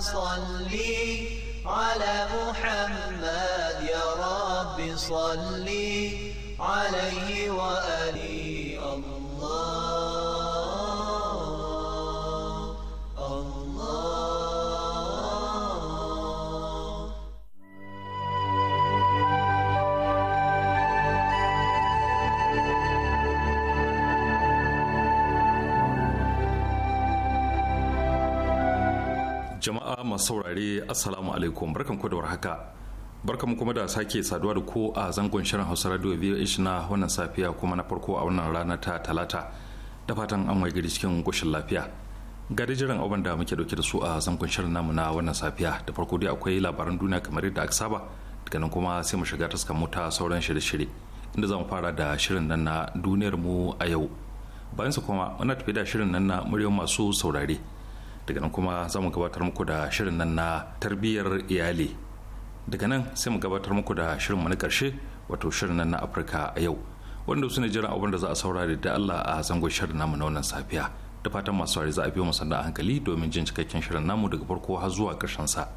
صل على محمد يا رب صل عليه وآله masu saurare assalamu alaikum barkan ku da warhaka barkan mu kuma da sake saduwa da ko a zangon shirin hausa radio voh na wannan safiya kuma na farko a wannan rana ta talata da fatan an waye gari cikin goshin lafiya ga jiran abin da muke dauke da su a zangon shirin namu na wannan safiya da farko dai akwai labaran duniya kamar yadda aka saba daga nan kuma sai mu shiga taskar mota sauran shirye-shirye inda zamu fara da shirin nan na duniyar mu a yau bayan su kuma muna tafi da shirin nan na muryar masu saurare daga nan kuma za mu gabatar muku da shirin nan na tarbiyyar iyali daga nan sai mu gabatar muku da shirin mu na karshe wato shirin nan na afirka a yau wanda su ne jiran abin da za a saurari da allah a zangon shirin namu na wannan safiya da fatan masu za a biyo mu sannan hankali domin jin cikakken shirin namu daga farko har zuwa karshen sa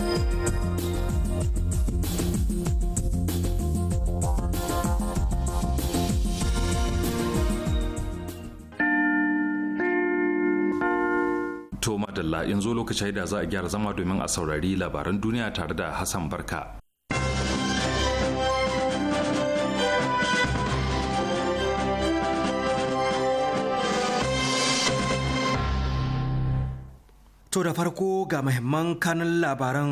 madalla yanzu lokacin da za a gyara zama domin a saurari labaran duniya tare da Hassan Barka. To da farko ga mahimman kanin labaran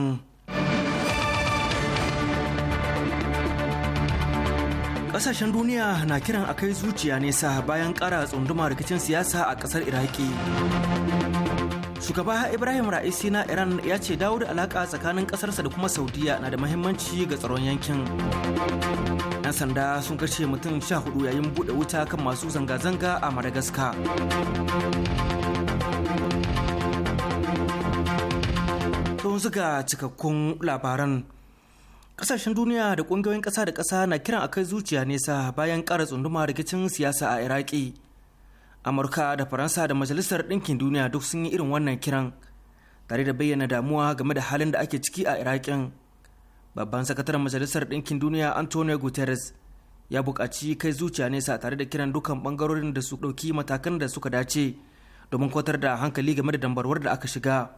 kasashen duniya na kiran a kai zuciya nesa bayan ƙara tsunduma rikicin siyasa a ƙasar iraki shugaba ibrahim ra'isi na iran ya ce dawo da alaka tsakanin kasarsa da kuma saudiya na da mahimmanci ga tsaron yankin yan sanda sun kashe mutum sha hudu yayin bude wuta kan masu zanga-zanga a madagascar don zuga cikakkun labaran kasashen duniya da kungiyoyin kasa da kasa na kiran akai zuciya nesa bayan kara tsunduma rikicin siyasa a iraki amurka da faransa da majalisar ɗinkin duniya duk sun yi irin wannan kiran tare da bayyana damuwa game da halin da ake ciki a iraƙin babban sakataren majalisar ɗinkin duniya antonio guterres ya buƙaci kai zuciya nesa tare da kiran dukkan ɓangarorin da su ɗauki matakan da suka dace domin kwatar da hankali game da dambarwar da aka shiga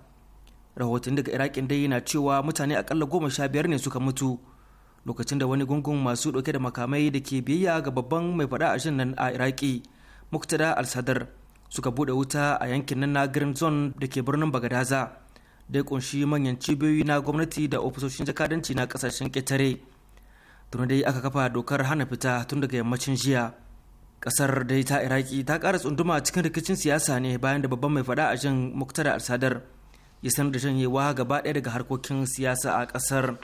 rahoton daga iraƙin dai yana cewa mutane akalla goma sha biyar ne suka mutu lokacin da wani gungun masu ɗauke da makamai da ke biyayya ga babban mai faɗa a nan a iraki muktada al-sadar suka bude wuta a yankin nan na green zone da ke birnin bagadaza da ya kunshi manyan cibiyoyi na gwamnati da ofisoshin jakadanci na kasashen ƙetare tun dai aka kafa dokar hana fita tun daga yammacin jiya kasar dai ta iraki ta ƙara tsunduma cikin rikicin siyasa ne bayan da babban mai faɗa a jin muktada al-sadar ya sanar da janyewa gaba ɗaya daga harkokin siyasa a ƙasar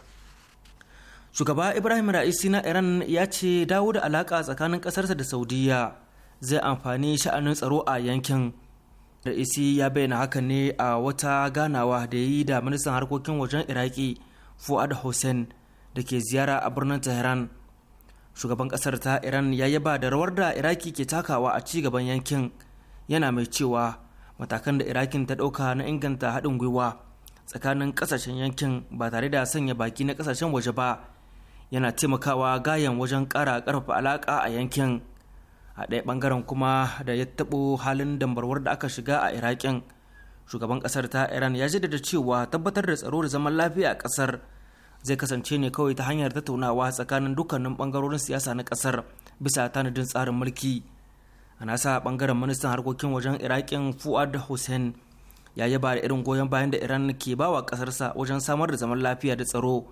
shugaba ibrahim ra'isi na iran ya ce dawo da alaka tsakanin ƙasarsa da saudiya zai amfani sha'anin tsaro a yankin raisi ya bayyana haka ne a wata ganawa da yi da ministan harkokin wajen iraki fuad hussein da ke ziyara a birnin tehran shugaban kasar ta iran ya yaba da rawar da iraki ke takawa a ci gaban yankin yana mai cewa matakan da irakin ta ɗauka na inganta haɗin gwiwa tsakanin ƙasashen yankin ba tare da sanya baki na ƙasashen waje ba yana taimakawa gayan wajen ƙara ƙarfafa alaƙa a yankin a ɗaya ɓangaren kuma da ya taɓo halin dambarwar da aka shiga a iraƙin shugaban ƙasar ta iran ya jaddada cewa tabbatar da tsaro da zaman lafiya a ƙasar zai kasance ne kawai ta hanyar tattaunawa tsakanin dukkanin ɓangarorin siyasa na ƙasar bisa tanadin tsarin mulki a nasa ɓangaren ministan harkokin wajen iraƙin fuad hussein ya yaba da irin goyon bayan da iran ke bawa ƙasarsa wajen samar da zaman lafiya da tsaro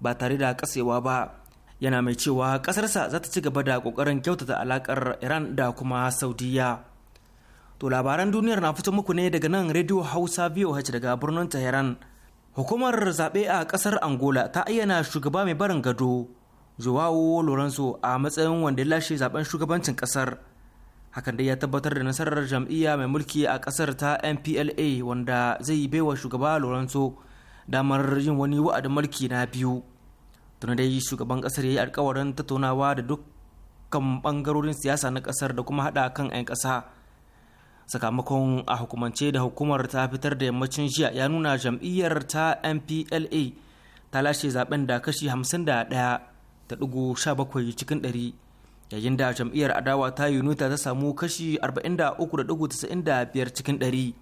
ba tare da kasewa ba yana mai cewa ƙasarsa za ta ci gaba da ƙoƙarin kyautata alaƙar iran da kuma saudiya to labaran duniyar na fito muku ne daga nan radio hausa voh daga birnin tehran hukumar zaɓe a ƙasar angola ta ayyana shugaba mai barin gado joao lorenzo a matsayin wanda ya lashe zaben shugabancin ƙasar hakan dai ya tabbatar da nasarar jam'iyya mai mulki a ƙasar ta mpla wanda zai yi baiwa shugaba lorenzo damar yin wani wa'adin mulki na biyu tuna dai shugaban kasar ya yi alkawarin tattaunawa da dukkan bangarorin siyasa na kasar da kuma hada kan 'yan kasa sakamakon a hukumance da hukumar ta fitar da yammacin jiya ya nuna jam'iyyar ta mpla ta lashe zaben da kashi 51.17 cikin 100 yayin da jam'iyyar adawa ta yunuta ta samu kashi 43.95 cikin 100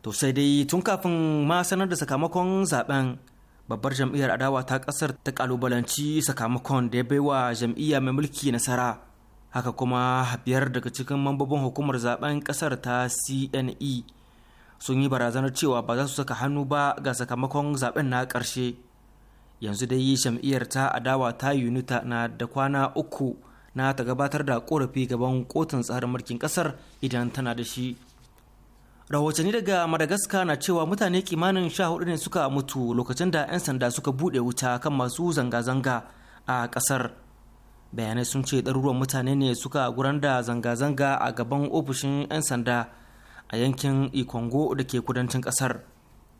to sai dai tun kafin ma sanar da sakamakon zaben babbar jam'iyyar adawa ta kasar ta kalubalanci sakamakon da ya baiwa jam'iyya mai mulki nasara haka kuma biyar daga cikin mambobin hukumar zaben kasar ta cne sun yi barazanar cewa ba za su saka hannu ba ga sakamakon zaben na karshe yanzu dai jam'iyyar ta adawa ta unita na da kwana uku na ta gabatar da korafi gaban kotun tsarin mulkin kasar idan tana da shi rahotanni daga madagascar na cewa mutane kimanin sha hudu ne suka mutu lokacin da 'yan sanda suka bude wuta kan masu zanga-zanga a kasar bayanai sun ce ɗaruruwan mutane ne suka guran da zanga-zanga a gaban ofishin 'yan sanda a yankin ikongo da ke kudancin kasar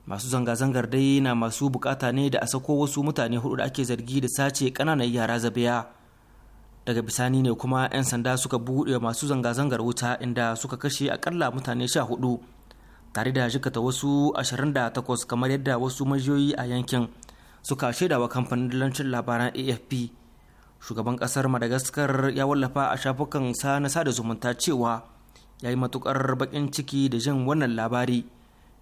masu zanga-zangar dai na masu bukata ne da a sako wasu mutane hudu da ake zargi da sace kananan yara zabiya daga bisani ne kuma 'yan sanda suka buɗe masu zanga-zangar wuta inda suka kashe akalla mutane sha hudu tare da jikata wasu 28 kamar yadda wasu majiyoyi a yankin suka shaidawa kamfanin dalancin labaran afp shugaban kasar madagaskar ya wallafa a shafukan sa na sada zumunta cewa ya yi matukar bakin ciki da jin wannan labari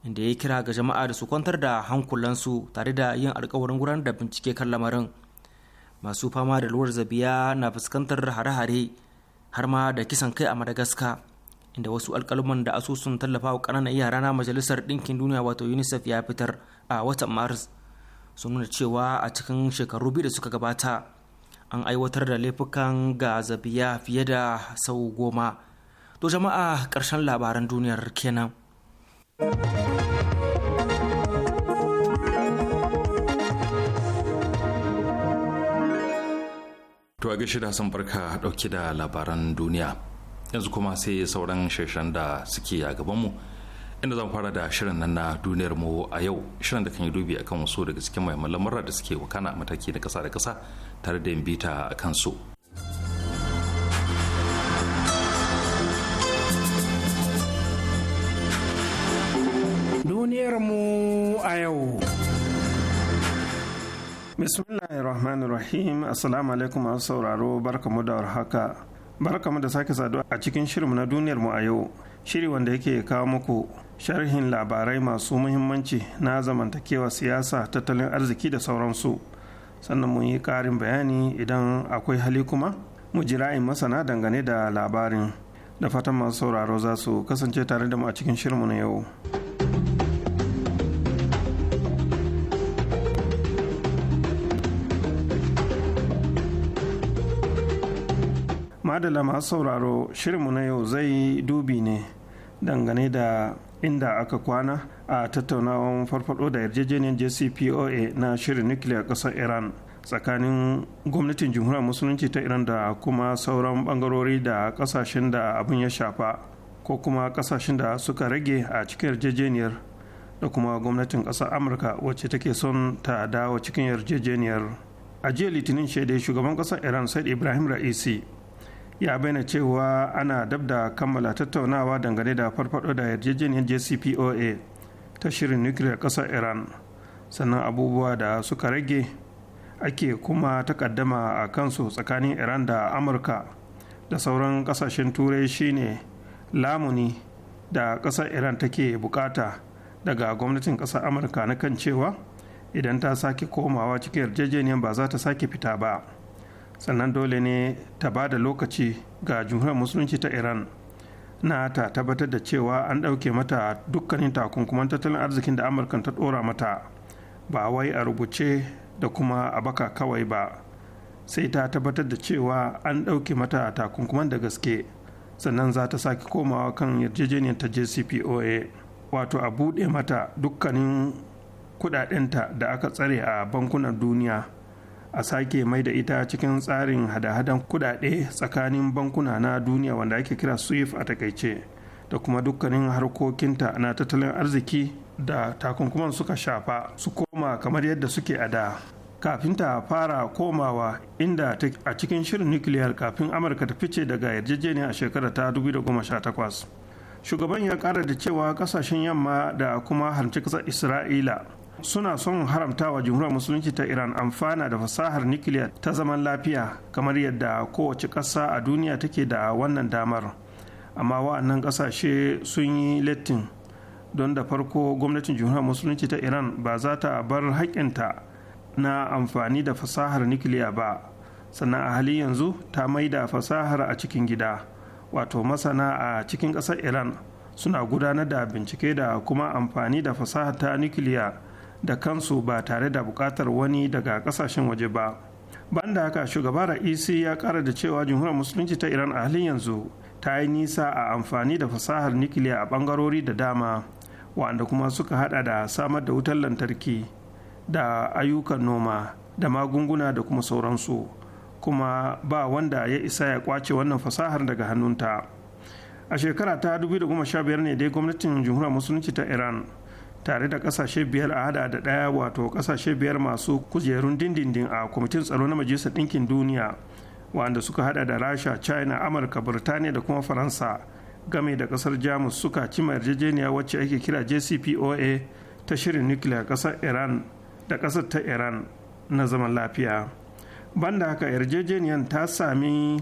inda ya kira ga jama'a da su kwantar da hankulansu tare da yin alkawarin gudanar da bincike kan lamarin masu fama da luwar zabiya na fuskantar hare-hare har ma da kisan kai a madagascar inda wasu alkaluman da asusun tallafawa ƙananan yara na majalisar ɗinkin duniya wato unicef ya fitar a watan maris sun nuna cewa a cikin shekaru biyu da suka gabata an aiwatar da laifukan ga zabiya fiye da sau goma to jama'a ƙarshen labaran duniyar kenan to a gashi da hasan barka dauke da labaran duniya yanzu kuma sai sauran shirshen da suke a gabanmu inda zan fara da shirin nan na duniyar mu a yau shirin da kan yi dubi akan wasu daga cikin mahimman lamurra da suke wakana mataki na kasa da kasa tare da yin bita a kansu duniyar mu a yau bismillahir rahmanir rahim assalamu alaikum masu sauraro barkamu da warhaka barkamu da sake saduwa a cikin shirinmu na duniyar mu a yau shiri wanda yake kawo muku sharhin labarai masu muhimmanci na zamantakewa siyasa tattalin arziki da sauransu sannan mun yi ƙarin bayani idan akwai hali kuma mu ji ra'ayin masana dangane da labarin da fatan masu sauraro za su kasance tare da mu a cikin shirinmu na yau. madala masu sauraro shirinmu na yau zai dubi ne dangane da inda aka kwana a tattaunawan farfado da yarjejeniyar jcpoa na shirin nukiliya kasar iran tsakanin gwamnatin jamhuriyar musulunci ta iran da kuma sauran bangarori da kasashen da abin ya shafa ko kuma kasashen da suka rage a cikin yarjejeniyar da kuma gwamnatin ƙasar amurka wacce take son ta dawo cikin yarjejeniyar a jiya litinin shaidai shugaban ƙasar iran said ibrahim ra'isi ya bayyana cewa ana dab da kammala tattaunawa dangane da farfado da yarjejeniyar jcpoa ta shirin nukiliyar kasar iran sannan abubuwa da suka rage ake kuma takaddama a kansu tsakanin iran da amurka da sauran kasashen turai shine lamuni da ƙasar iran take bukata daga gwamnatin ƙasar amurka na kan cewa idan ta sake komawa cikin yarjejeniyar ba za ta sake fita ba. sannan dole ne ta ba da lokaci ga jumhuriyar musulunci ta iran na ta tabbatar da cewa an ɗauke mata dukkanin takunkuman tattalin arzikin da Amurka ta ɗora mata ba wai a rubuce da kuma a baka kawai ba sai ta tabbatar da cewa an ɗauke mata takunkuman da gaske sannan za ta sake komawa kan yarjejeniyar ta jcpoa wato a buɗe mata dukkanin kudadenta da aka tsare a bankunan duniya a sake mai da ita cikin tsarin hada-hadan kudade tsakanin bankuna na duniya wanda ake kira swift a takaice da kuma dukkanin harkokinta na tattalin arziki da takunkuman suka shafa su koma kamar yadda suke a da kafin ta fara komawa inda a cikin shirin nukiliyar kafin amurka ta fice daga yarjejeniya a shekarar ta 2018 shugaban ya kara da cewa kasashen yamma da kuma harci kasar isra'ila suna son haramta wa jamhuriyar musulunci ta iran amfana da fasahar nikiliya ta zaman lafiya kamar yadda kowace ƙasa a duniya take da wannan damar amma wa'annan ƙasashe sun yi latin don da farko gwamnatin jamhuriyar musulunci ta iran ba za ta bar haƙƙinta na amfani da fasahar nukiliya ba sannan a hali yanzu ta maida fasahar a cikin gida wato masana a cikin ƙasar iran suna gudanar da bincike da kuma amfani da fasahar ta nukiliya da kansu ba tare da buƙatar wani daga kasashen waje ba da haka shugaba ra'isi ya kara da cewa jamhuriyar musulunci ta iran a halin yanzu ta yi nisa a amfani da fasahar nikiliya a bangarori da dama wanda kuma suka hada da samar da wutar lantarki da ayyukan noma da magunguna da kuma sauransu kuma ba wanda ya isa ya kwace wannan fasahar daga hannunta a shekara ta 2015 ne dai gwamnatin jamhuriyar musulunci ta iran tare da kasashe biyar a hada da daya wato kasashe biyar masu kujerun dindindin a kwamitin tsaro na majalisar ɗinkin duniya wanda suka hada da rasha china amurka birtaniya da kuma faransa game da kasar jamus suka cima yarjejeniya wacce ake kira jcpoa ta shirin nukiliya kasar iran da kasar ta iran na zaman lafiya banda haka yarjejeniyan ta sami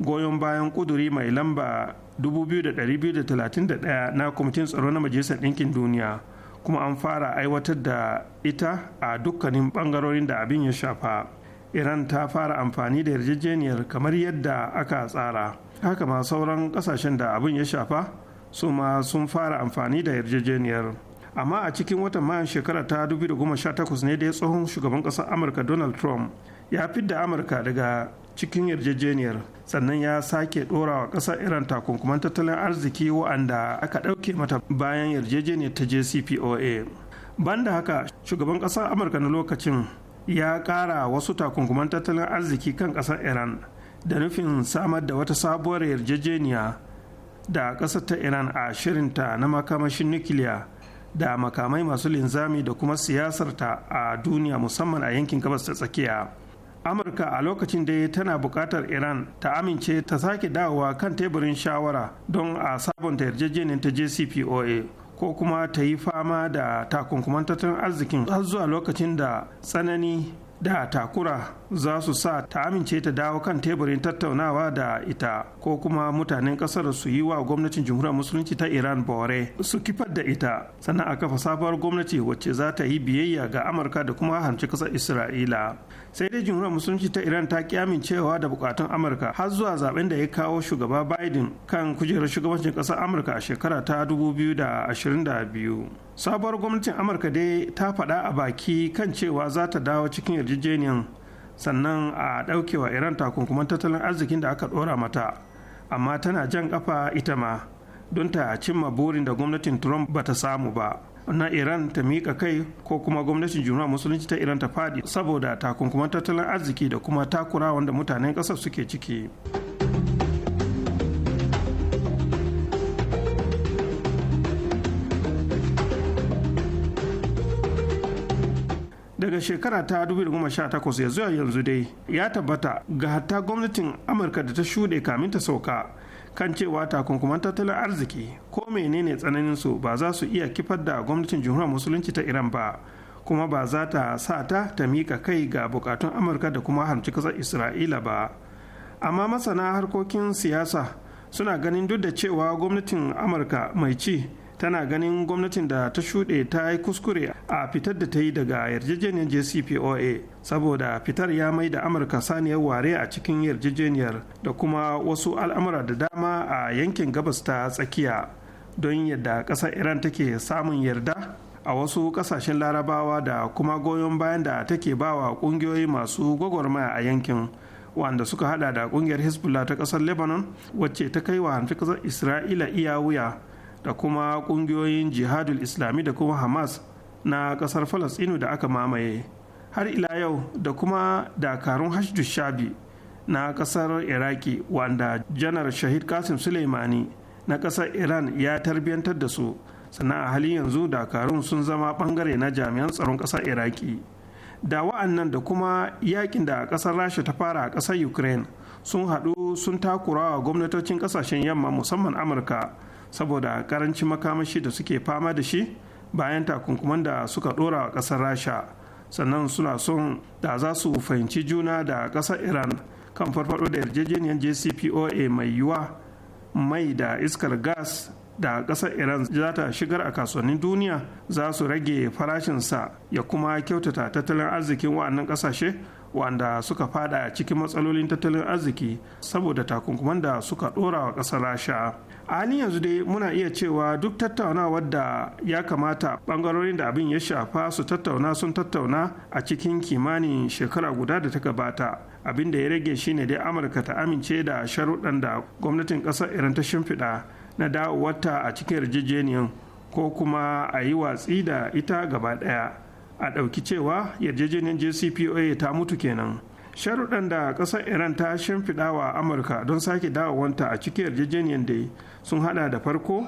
goyon bayan kuduri mai lamba 2231 na kwamitin tsaro na majalisar ɗinkin duniya kuma an fara aiwatar da ita a dukkanin bangarorin da abin ya shafa iran ta fara amfani da yarjejeniyar kamar yadda aka tsara haka ma sauran kasashen da abin ya shafa su ma sun fara amfani da yarjejeniyar amma a cikin watan mayan shekara ta 2018 ne da ya tsohon shugaban ƙasar amurka donald trump ya fidda amurka daga cikin yarjejeniyar sannan ya sake dorawa wa ƙasar iran takunkuman tattalin arziki wa'anda aka ɗauke mata bayan yarjejeniyar ta jcpoa banda haka shugaban ƙasar amurka na lokacin ya ƙara wasu takunkuman tattalin arziki kan ƙasar iran da nufin samar da wata sabuwar yarjejeniya da ƙasar ta iran a shirinta na makamashin nukiliya da makamai masu linzami da kuma siyasarta a duniya musamman a yankin gabas ta tsakiya amurka a lokacin da tana bukatar iran ta amince ta sake dawowa kan teburin shawara don a sabonta yarjejeniyar ta jcpoa ko kuma ta yi fama da takunkuman tattalin arzikin har zuwa lokacin da tsanani da takura za su sa ta amince ta dawo kan teburin tattaunawa da ita ko kuma mutanen kasar su yi wa gwamnatin jamhuriyar musulunci ta iran bore su kifar da ita sannan a kafa sabuwar gwamnati wacce za ta yi biyayya ga amurka da kuma hanci kasar isra'ila sai dai jamhuriyar musulunci ta iran ta ki amincewa da bukatun amurka har zuwa zaben da ya kawo shugaba biden kan kujerar shugabancin kasar amurka a shekara ta 2022 sabuwar gwamnatin amurka dai ta faɗa a baki kan cewa za ta dawo cikin yarjejeniyar sannan a ɗaukewa iran takunkuman tattalin arzikin da aka ɗora mata amma tana jan ƙafa ita ma don ta cimma burin da gwamnatin trump ba ta samu ba na iran ta miƙa kai ko kuma gwamnatin juna musulunci ta iran ta fadi saboda takunkuman tattalin arziki da kuma takura wanda mutanen ƙasar suke ciki. daga shekara ta 2018 ya zuwa yanzu dai ya tabbata ga hatta gwamnatin amurka da ta shuɗe kamin ta sauka kan cewa takunkuman tattalin arziki ko menene tsananin su ba za su iya kifar da gwamnatin jihunan musulunci ta iran ba kuma ba za ta sa ta ta mika kai ga bukatun amurka da kuma harci kasar isra'ila ba amma masana harkokin siyasa suna ganin duk da cewa gwamnatin amurka mai ci tana ganin gwamnatin da ta shuɗe ta yi kuskure a fitar da ta yi daga yarjejeniyar jcpoa saboda fitar ya mai da amurka saniyar ware a cikin yarjejeniyar da kuma wasu al'amura da dama a yankin gabas ta tsakiya don yadda ƙasar iran take samun yarda a wasu ƙasashen larabawa da kuma goyon bayan da take bawa ƙungiyoyi masu gwagwarmaya a yankin wanda suka hada da ƙungiyar hezbollah ta ƙasar lebanon wacce ta kai wa hanfi ƙasar isra'ila iya wuya da kuma ƙungiyoyin jihadul islami da kuma hamas na ƙasar falastinu da aka mamaye har ila yau da kuma dakarun hashdu shabi na ƙasar iraki wanda janar shahid kasim suleimani na ƙasar iran ya tarbiyantar da su sannan a halin yanzu dakarun sun zama ɓangare na jami'an tsaron ƙasar iraki da wa'annan da kuma yakin da ƙasar rasha ta fara a ƙasar ukraine sun haɗu sun takurawa gwamnatocin ƙasashen yamma musamman amurka saboda karancin makamashi da suke fama da shi bayan takunkuman da suka dora wa kasar rasha sannan suna son da za su fahimci juna da kasar iran kan farfado da yarjejeniyar jcpoa mai yiwuwa mai da iskar gas da kasar iran za ta shigar a kasuwannin duniya za su rage farashinsa ya kuma kyautata tattalin arzikin wa'annan kasashe wanda suka fada cikin matsalolin tattalin arziki saboda takunkuman da suka dora wa kasar rasha a halin yanzu dai muna iya cewa duk tattaunawar da ya kamata bangarorin da abin ya shafa su tattauna sun tattauna a cikin kimanin shekara guda da ta gabata abin da ya rage shine dai amurka ta amince da sharuɗan da gwamnatin ƙasar iran ta shimfiɗa na dawowarta a cikin yarjejeniyan ko kuma a yi watsi da ita gaba ɗaya a ɗauki cewa yarjejeniyar jcpoa ta mutu kenan sharuɗan da ƙasar iran ta shimfiɗa wa amurka don sake dawowanta a cikin yarjejeniyar da sun hada da farko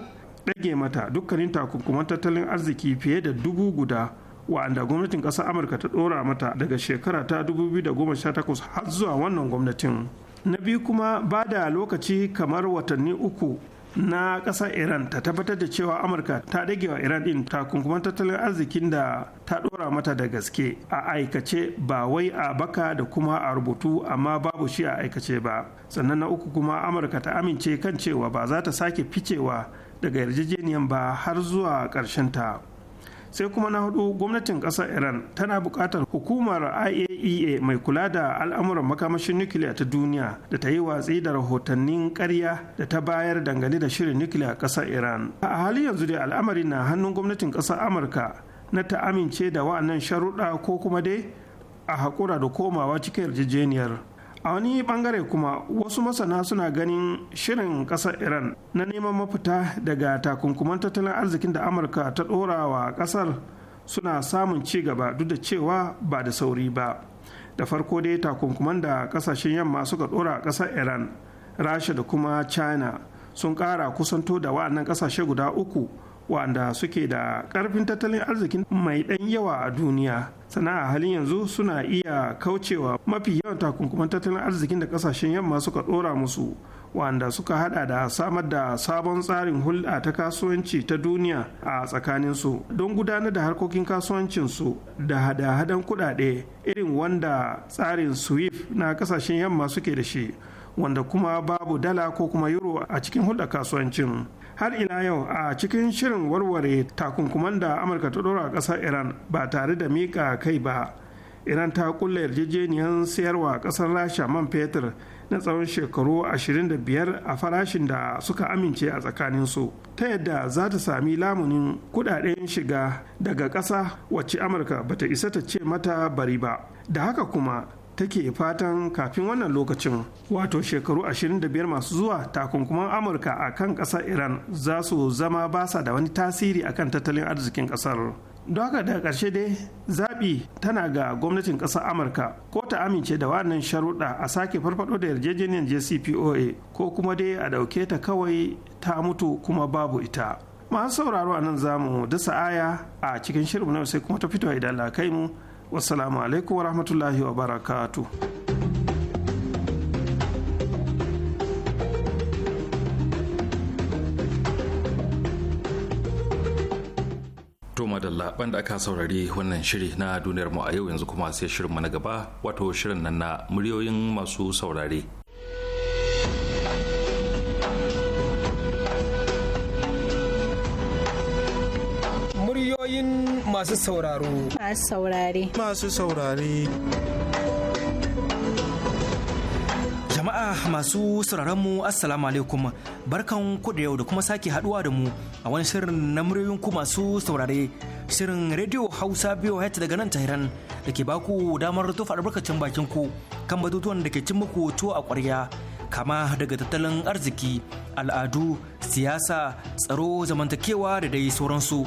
ɗage mata dukkanin takunkuman tattalin arziki fiye da dubu guda wa'anda gwamnatin ƙasar amurka ta ɗora mata daga shekara ta takwas har zuwa wannan gwamnatin na biyu kuma ba da lokaci kamar watanni uku na ƙasar iran ta tabbatar da cewa amurka ta dage wa iran ɗin takunkuman tattalin arzikin da ta ɗora mata da gaske a aikace ba wai a baka da kuma a rubutu amma babu shi a aikace ba sannan na uku kuma amurka ta amince kan cewa ba za ta sake ficewa daga yarjejeniyar ba har zuwa ƙarshen ta sai kuma na hudu gwamnatin kasar iran tana buƙatar hukumar iaea e mai kula da al'amuran makamashin nukiliya ta duniya da ta yi watsi da rahotannin karya da ta bayar dangane da shirin nukiliya kasar iran a halin yanzu dai al'amari na hannun gwamnatin kasar amurka na ta amince da wa'annan sharuɗa ko kuma dai a haƙura da komawa cikin yarjejeniyar a wani bangare kuma wasu masana suna ganin shirin kasar iran na neman mafita daga takunkuman tattalin arzikin da amurka ta dora wa kasar suna samun ci gaba duk da cewa ba da sauri ba da farko dai takunkuman da kasashen yamma suka dora a kasar iran rasha da kuma china sun kara kusanto da wa'annan kasashe guda uku wanda suke da ƙarfin tattalin arzikin mai ɗan yawa a duniya sana a halin yanzu suna iya kaucewa mafi yawan takunkuman tattalin arzikin da ƙasashen yamma suka ɗora musu wanda suka hada da samar da sabon tsarin hulɗa ta kasuwanci ta duniya a tsakaninsu don gudanar da harkokin kasuwancinsu da hada-hadan kuɗaɗe irin wanda tsarin swift na ƙasashen yamma suke da shi wanda kuma babu dala ko kuma euro a cikin hulɗar kasuwancin har ina yau a cikin shirin warware takunkuman da amurka ta dora a ƙasar iran ba tare da miƙa kai ba iran ta kulla yarjejeniyar sayarwa ƙasar rasha man fetur na tsawon shekaru 25 a farashin da suka amince a tsakaninsu ta yadda za ta sami lamunin kudaden shiga daga ƙasa wacce amurka bata isa ta ce mata bari ba da haka kuma take fatan kafin wannan lokacin wato shekaru 25 masu zuwa takunkuman amurka a kan ƙasar iran za su zama basa da wani tasiri akan tattalin arzikin ƙasar don haka daga ƙarshe dai zaɓi tana ga gwamnatin ƙasar amurka ko ta amince da wannan sharuɗa a sake farfaɗo da yarjejeniyar jcpoa ko kuma dai a ɗauke ta kawai ta mutu kuma babu ita masu sauraro a nan zamu dasa aya a cikin shirin na sai kuma ta fito idan la kai mu Wasalamu alaikum wa rahmatullahi wa barakatu. madalla da aka saurari wannan shiri na duniyar mu a yau yanzu kuma sai shirinmu na gaba wato shirin nan na muryoyin masu saurare masu sauraro. Masu saurare. Masu saurare. Jama'a masu sauraron mu Assalamu alaikum barkan ku da yau da kuma sake haduwa da mu a wani shirin na muryoyin ku masu saurare shirin Radio Hausa biyu hayata daga nan Tahiran da ke baku damar tofa albarkacin bakin ku kan batutuwan da ke cin muku tuwo a ƙwarya kama daga tattalin arziki al'adu siyasa tsaro zamantakewa da dai sauransu.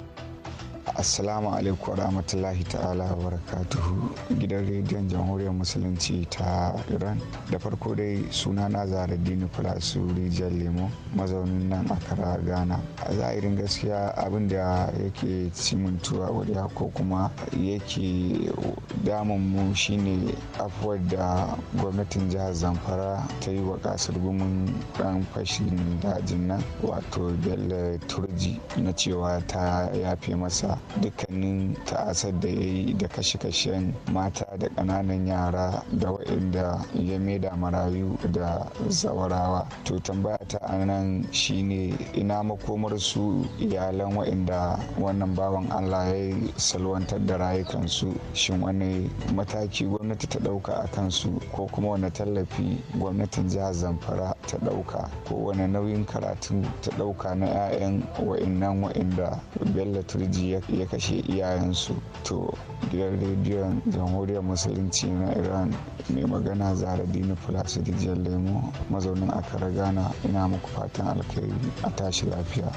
assalamu alaikum rahmatullahi ta'ala wa barakatuhu gidan rediyon jamhuriyar musulunci ta iran da farko dai suna na zaradini falasu rijiyar lemo mazaunin nan akara ghana a zahirin gaskiya abin da yake cimintuwa wadda ko kuma yake damun mu shine afuwar da gwamnatin jihar zamfara ta yi wa kasar gumin dan fashin dajin nan wato bello turji na cewa ta yafe masa dukkanin ta'asar da ya yi da kashe-kashen mata da ƙananan yara da waɗanda ya maida marayu da zawarawa to tambaya ta anan shine ina makomar su iyalan waɗanda wannan bawan allah ya salwantar da rayukansu shin wani mataki gwamnati ta ɗauka a kansu ko kuma wani tallafi gwamnatin jihar zamfara ta ɗauka ko wani nauyin karatu ta ɗauka na 'ya'yan wa'innan wa'inda bello turji ya ya kashe iyayensu to gidan rediyon jamhuriyar musulunci na iran mai magana zara dini plasid jiyar lemo mazaunin akara ghana ina muku fatan alkhairi a tashi lafiya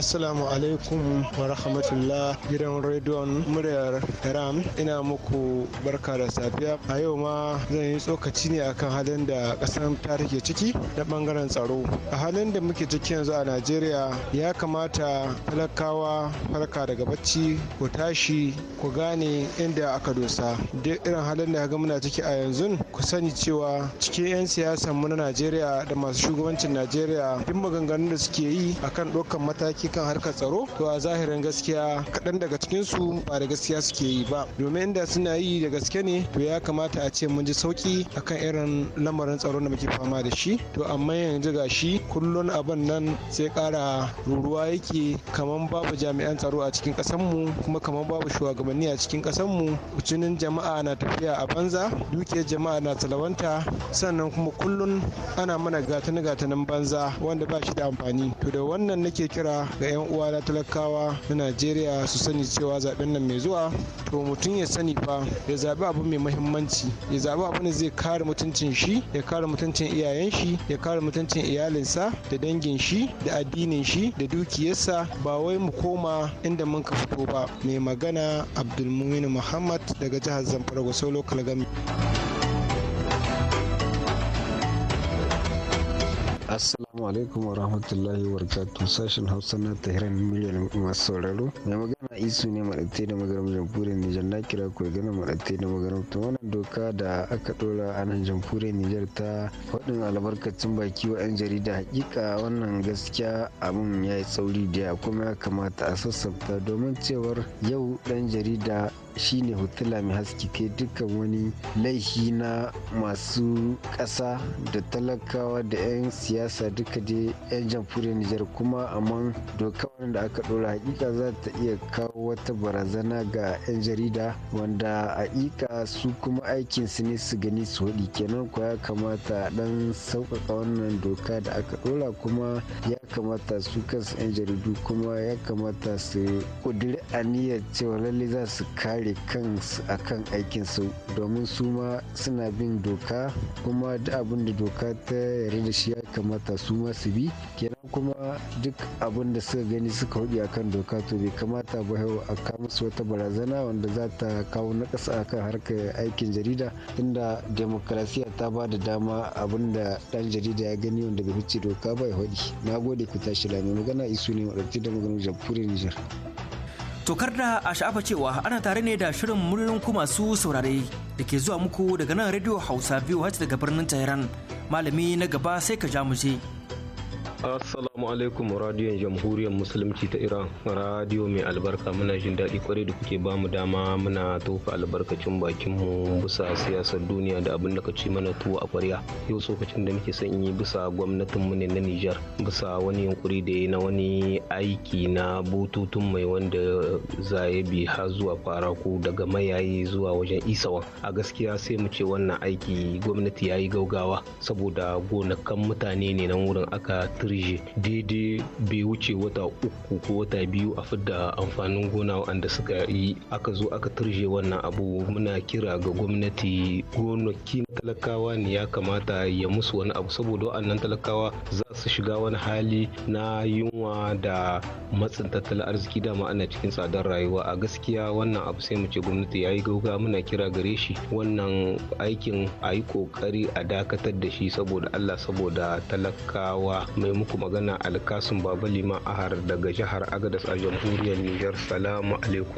Assalamu alaikum wa rahmatullah gidan rediyon muryar Iran ina muku barka da safiya. A yau ma zan yi tsokaci ne akan halin da ƙasar ta take ciki da ɓangaren tsaro. A halin da muke ciki yanzu a Najeriya ya kamata talakawa farka daga bacci ku tashi ku gane inda aka dosa. Duk irin halin da ga muna ciki a yanzu ku sani cewa cikin 'yan siyasan mu na Najeriya da masu shugabancin Najeriya duk maganganun da suke yi akan ɗaukan mataki aiki harkar tsaro to a zahirin gaskiya kaɗan daga cikinsu ba da gaskiya suke yi ba domin inda suna yi da gaske ne to ya kamata a ce mun ji sauki akan irin lamarin tsaro da muke fama da shi to amma yanzu ga shi kullun abin nan sai ƙara ruruwa yake kaman babu jami'an tsaro a cikin mu kuma kamar babu shugabanni a cikin mu jinin jama'a na tafiya a banza dukiyar jama'a na talawanta sannan kuma kullun ana mana gatanin gatanin banza wanda ba shi da amfani to da wannan nake kira ga 'yan uwa na talakawa na najeriya su sani cewa zaben nan mai zuwa to mutum ya sani fa ya zaɓi abu mai muhimmanci ya zabi abu da zai kare mutuncin shi ya kare mutuncin iyayen shi ya kare mutuncin iyalinsa da dangin shi da addinin shi da dukiyarsa ba wai mu koma inda mun ka fito ba mai magana abdulmumin muhammad daga jihar zamfara gusau local government Assalamu alaikum wa rahmatullahi wa barakatuh sashen Hausa na hira miliyan masu sauraro. Mai magana isu ne maɗaɗe da magaram jamhuriyar Nijar na kira ku gana maɗaɗe da magana ta wannan doka da aka ɗora a nan jamhuriyar Nijar ta faɗin albarkacin baki wa 'yan jarida hakika wannan gaskiya abin ya yi tsauri da ya kuma ya kamata a sassafta domin cewar yau ɗan jarida shine hotula mai haske kai dukkan wani laifi na masu ƙasa da talakawa da 'yan siyasa duka dai 'yan jamhuriyar nijar kuma amma doka wanda aka ɗora hakika za ta iya kawo wata barazana ga 'yan jarida wanda hakika su kuma aikin su ne su gani su haɗi kenan ko ya kamata dan sauƙaƙa wannan doka da aka ɗora kuma ya kamata su kansu 'yan jaridu kuma ya kamata su ƙudiri aniyar cewa lallai za su kare kare kansu akan aikinsu domin su ma suna bin doka kuma duk abin da doka ta yarda da shi ya kamata su ma su bi kenan kuma duk abin da suka gani suka hudu a kan doka to bai kamata ba yau a kawo musu wata barazana wanda za ta kawo nakasa akan harkar aikin jarida tunda demokrasiya ta ba da dama abin da dan jarida ya gani wanda bai huce doka ba ya hudu na gode ku tashi lami magana isu ne madarci da maganin jamhuriyar nijar Tokar da a sha'afa cewa ana tare ne da shirin murnin ku masu saurare da ke zuwa muku daga nan Radio Hausa VOH daga birnin Tehran. Malami na gaba sai ka ja mu je. Assalamu alaikum radiyon jamhuriyar musulunci ta Iran radiyo mai albarka muna jin daɗi kwarai da kuke bamu dama muna tofa albarkacin bakin mu bisa siyasar duniya da abin da ka ci mana tuwo a kwarya yau sokacin da muke son yi bisa gwamnatin mu ne na Nijar bisa wani yunkuri da ya na wani aiki na bututun mai wanda zaye bi har zuwa faraku daga mayayi zuwa wajen isawa a gaskiya sai mu ce wannan aiki gwamnati ya yi gaugawa saboda gonakan mutane ne nan wurin aka rije daidai bai wuce wata uku ko wata biyu a fidda amfanin gona wanda suka yi aka zo aka turje wannan abu muna kira ga gwamnati gonaki talakawa ne ya kamata ya musu wani abu saboda wannan talakawa za su shiga wani hali na yunwa da matsin tattalin arziki dama ana cikin tsadar rayuwa a gaskiya wannan abu sai mu ce gwamnati ya yi gauga muna kira gare shi wannan aikin a yi kokari a dakatar da shi saboda allah saboda talakawa mai muku magana alkasun baba lima ahar daga jihar agadas a jamhuriyar nijar salamu alaikum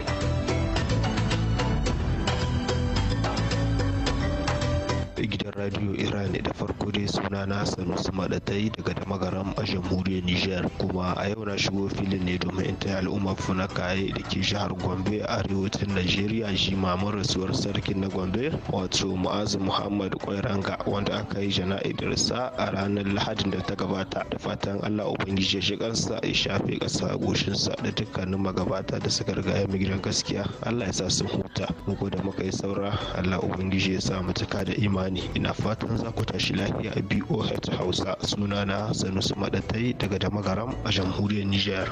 radio iran da farko dai suna na hassan usman da daga damagaram a jamhuriyar niger kuma a yau na shigo filin ne domin in taya al'ummar funakaye da ke jihar gombe a arewacin najeriya shi mamar rasuwar sarkin na gombe wato mu'azu muhammad kwairanga wanda aka yi jana'idarsa a ranar lahadin da ta gabata da fatan allah ubangiji ya shigarsa ya shafe ƙasa goshinsa da dukkanin magabata da suka riga ya gidan gaskiya allah ya sa su huta mu da muka yi saura allah ubangiji ya sa mu cika da imani ina fatan za ku tashi lafiya a boh hausa sunana sanusi madatai daga damagaram a jamhuriyar niger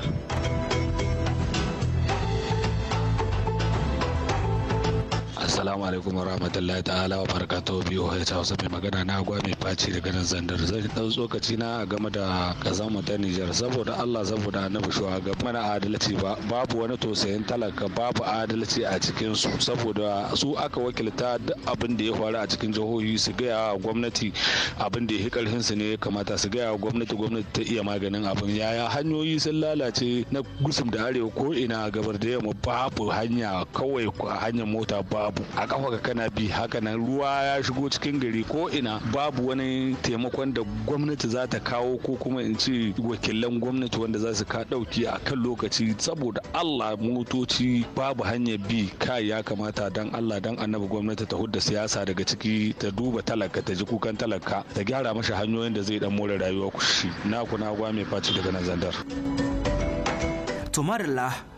Assalamu alaikum wa rahmatullahi ta'ala wa bi biyu ya hausa mai magana na agwa mai faci daga nan zandar zan dan tsokaci na a game da ƙasar mu ta Nijar saboda Allah saboda annabi shuwa ga mana adalci ba babu wani tausayin talaka babu adalci a cikin su saboda su aka wakilta duk abin da ya faru a cikin jihohi su ga yawa gwamnati abin da ya karfin su ne ya kamata su gaya yawa gwamnati gwamnati ta iya maganin abin yaya hanyoyi sun lalace na gusum da arewa ko ina gabar da yamma babu hanya kawai a hanyar mota babu a kafa ka kana bi haka nan ruwa ya shigo cikin gari ko ina babu wani taimakon da gwamnati za ta kawo ko kuma in ce wakilan gwamnati wanda za su ka dauki a kan lokaci saboda Allah motoci babu hanyar bi kai ya kamata dan Allah dan annabi gwamnati ta hudda siyasa daga ciki ta duba talaka ta ji kukan talaka ta gyara masa hanyoyin da zai dan more rayuwa kushi na na gwa mai faci daga nan zandar to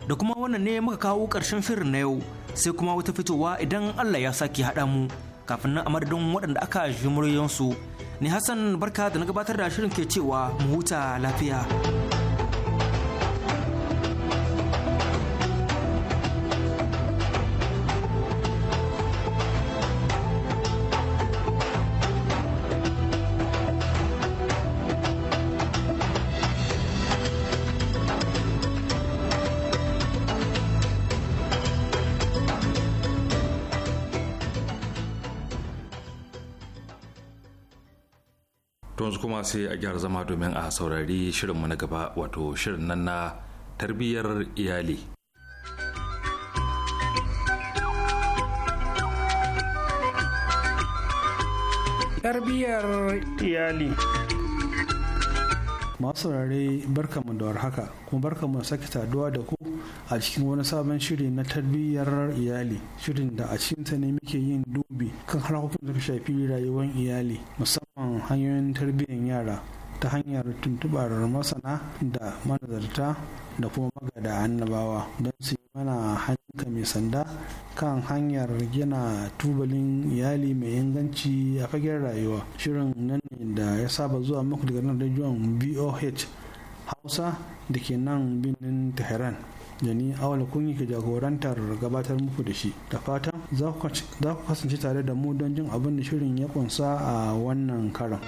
da kuma wannan ne muka kawo ƙarshen shirin na yau sai kuma wata fitowa idan Allah ya sake haɗa mu kafin nan a madadin waɗanda aka shi muryoyinsu. ne Hassan barka da na gabatar da shirin ke cewa mu huta lafiya. kuma sai a gyara zama domin a saurari shirinmu na gaba wato shirin nan na tarbiyyar iyali. Tarbiyyar iyali. masu rare barkamu da warhaka kuma barkamu da sake saduwa da ku a cikin wani sabon shiri na tarbiyyar iyali shirin da a cikin ne muke yin dubi kan harkokin da suka shafi rayuwar iyali musamman hanyoyin tarbiyyar yara ta hanyar tuntubar masana da manazarta da kuma magada annabawa don su yi mana hannunka mai sanda kan hanyar gina tubalin iyali mai inganci a fagen rayuwa shirin nan ne da ya saba zuwa muku daga nan rajon voh hausa da ke nan birnin tehran da ni awala kun yi jagorantar gabatar muku da shi da fatan za ku kasance tare da mu don jin abin da shirin ya kunsa a wannan karan.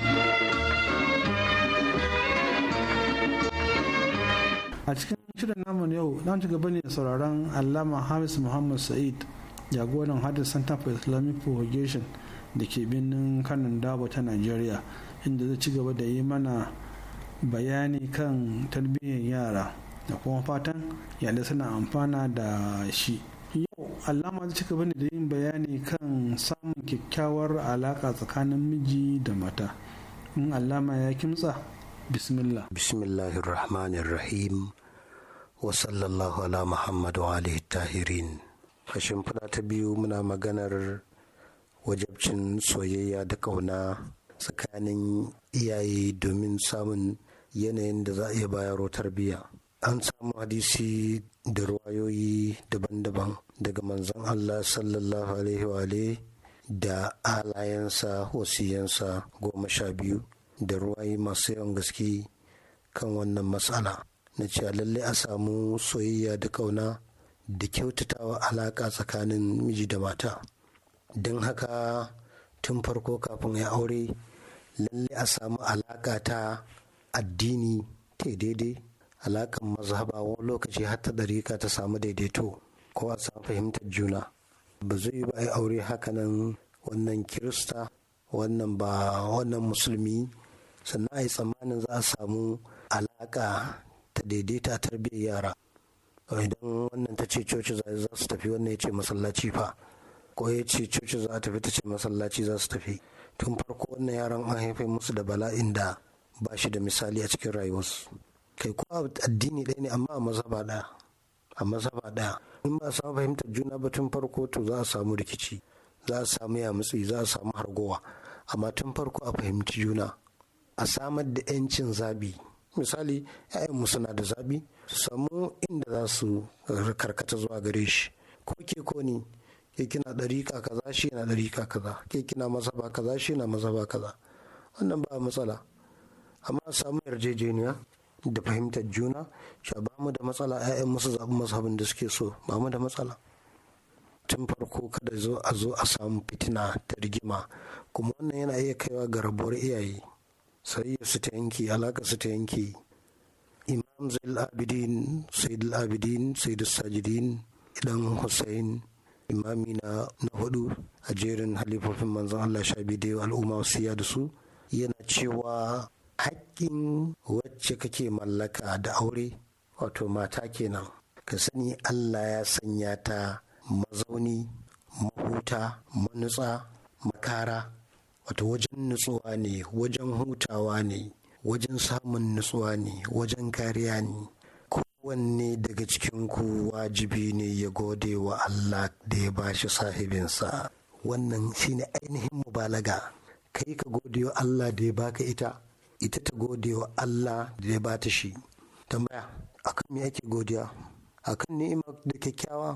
a cikin shirin namun yau nan ci gaba ne sauraron allama hamis muhammad sa'id jagoran hadis center for islamic propagation da ke birnin kanon dabo ta nigeria inda zai ci gaba da yi mana bayani kan tarbiyyar yara da kuma fatan yadda suna amfana da shi yau allama zai ci gaba ne da yin bayani kan samun kyakkyawar alaka tsakanin miji da mata in allama ya kimtsa bismillah bismillahirrahmanirrahim wa sallallahu ala muhammadu alihi tahirin a shimfiɗa ta biyu muna maganar wajabcin soyayya da ƙauna tsakanin iyaye domin samun yanayin da za a iya bayaro tarbiyya an samu hadisi da ruwayoyi daban-daban daga manzon Allah sallallahu alaihi wa da alayensa wasiyansa goma sha biyu da ruwayi masu yawan gaske kan wannan matsala na cewa lalle a samu soyayya da kauna da kyautatawa alaƙa tsakanin miji da mata don haka tun farko kafin ya aure lalle a samu alaƙa ta addini ta daidai alaƙar mazhaba wani lokaci har ta ɗarika ta samu daidaito ko a samu fahimtar juna ba zai ba a yi aure hakanan wannan kirista wannan ba wannan musulmi sannan a yi tsammanin za a samu alaƙa ta daidaita tarbiyyar yara idan wannan ta ce coci za su tafi wannan ya ce masallaci fa ko ya ce coci za a tafi ta ce masallaci za su tafi tun farko wannan yaran an haife musu da bala'in da ba shi da misali a cikin rayuwarsu kai ko addini ɗaya ne amma a mazhaba ɗaya ɗaya in ba samu fahimtar juna ba tun farko to za a samu rikici za a samu yamutsi za a samu hargowa amma tun farko a fahimci juna a samar da 'yancin zabi misali mu suna da zabi su samu inda za su karkata zuwa gare shi ko ke ko ni ke kina ɗariƙa kaza shi na ɗariƙa kaza ke kina mazhaba kaza shi na mazhaba kaza wannan ba matsala amma samu yarjejeniya da fahimtar juna cewa ba mu da matsala 'ya'yan musu zaɓi abin da suke so ba mu da matsala tun farko kada zo a zo a samu fitina ta rigima kuma wannan yana iya kaiwa ga rabuwar iyaye soyayyar su ta yanki alaka su ta yanki imam zaid abidin sayyid abidin sayyid sajidin idan hussein imami na na hudu a jerin halifofin manzon allah sha biyu da al'umma siya da su yana cewa haƙƙin wacce kake mallaka da aure wato mata kenan ka sani allah ya sanya ta mazauni mahuta manutsa makara wato wajen nutsuwa ne wajen hutawa ne wajen samun nutsuwa ne wajen kariya ne kowanne daga cikinku wajibi ne ya gode wa Allah da ya bashi sahibinsa wannan shi shine ainihin mubalaga kai ka gode wa Allah da ya baka ita ita ta gode wa Allah da ya bata shi tambaya akan me ake godiya akan ni'ima da kyakkyawa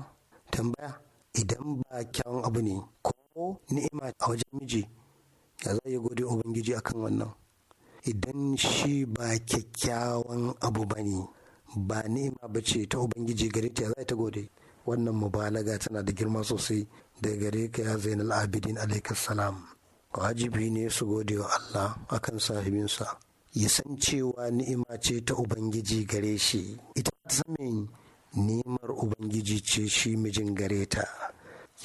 tambaya idan ba kyawun abu ne ko ni'ima a wajen miji ya za a gode ubangiji akan wannan idan shi ba kyakkyawan abu ba ne ba ni'ima ba ce ta ubangiji gare ta ya za ta gode wannan mubalaga tana da girma sosai da gare ka ya zainal abidin alaikas salam wajibi ne su gode wa Allah akan sahibinsa ya san cewa ni'ima ce ta ubangiji gare shi ita ta samin ni'imar ubangiji ce shi mijin gare ta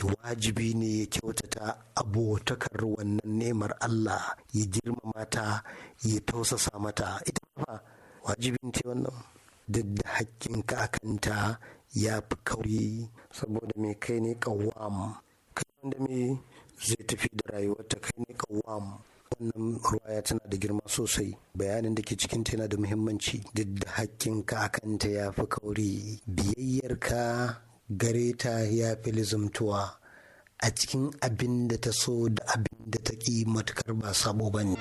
wajibi ne ya kyautata abotakar wannan nemar Allah ya girmama ta ya tausasa mata ita fa wajibin ce wannan duk da hakkin ka kanta ya fi kauri saboda mai kai ne kawam kai wanda mai zai tafi da rayuwarta kai ne kawam wannan ruwaya tana da girma sosai bayanin da ke cikin yana da muhimmanci duk da hakkin ka akanta ya fi kauri biyayyarka gare ta ya fi lizumtuwa a cikin abin da ta so da abin da ta ƙi matukar ba sabo ba ne.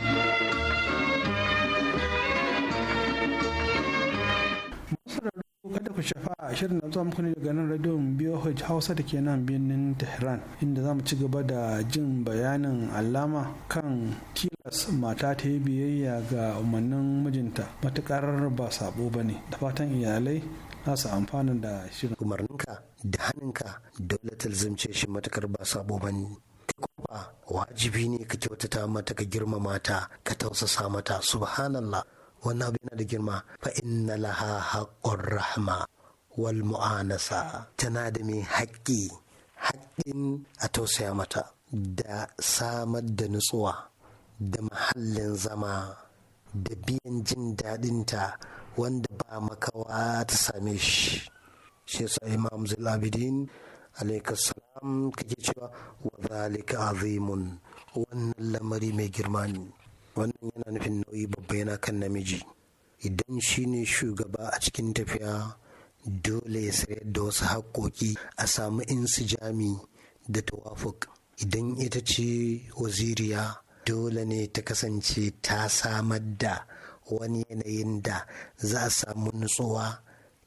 kada shirin da zuwa muku ne daga nan radio BOH Hausa da ke nan birnin Tehran inda za mu ci gaba da jin bayanin alama kan tilas mata ta yi biyayya ga umarnin mijinta matukar ba sabo ba ne da fatan iyalai nasu amfanin da shirin. Umarninka da hannunka dole zance shi matukar ba sabo ba ne. Kuma wajibi ne ka kyautata mata ka girmama ta ka tausasa mata subhanallah wannan abu yana da girma fa inna laha haqqur rahma wal mu'anasa tana da mai haƙƙi haƙƙin a tausaya mata da samar da nutsuwa da mahallin zama da biyan jin daɗinta wanda ba makawa ta same shi shi sa imam zulabidin alaikassalam kake cewa wa zalika azimun wannan lamari mai girma ne wannan yana nufin nauyi babba yana kan namiji idan shi ne shugaba a cikin tafiya dole ya sayar da wasu haƙoƙi a samu jami da tawafuk idan ita ce waziriya dole ne ta kasance ta samar da wani yanayin da za a samu nutsuwa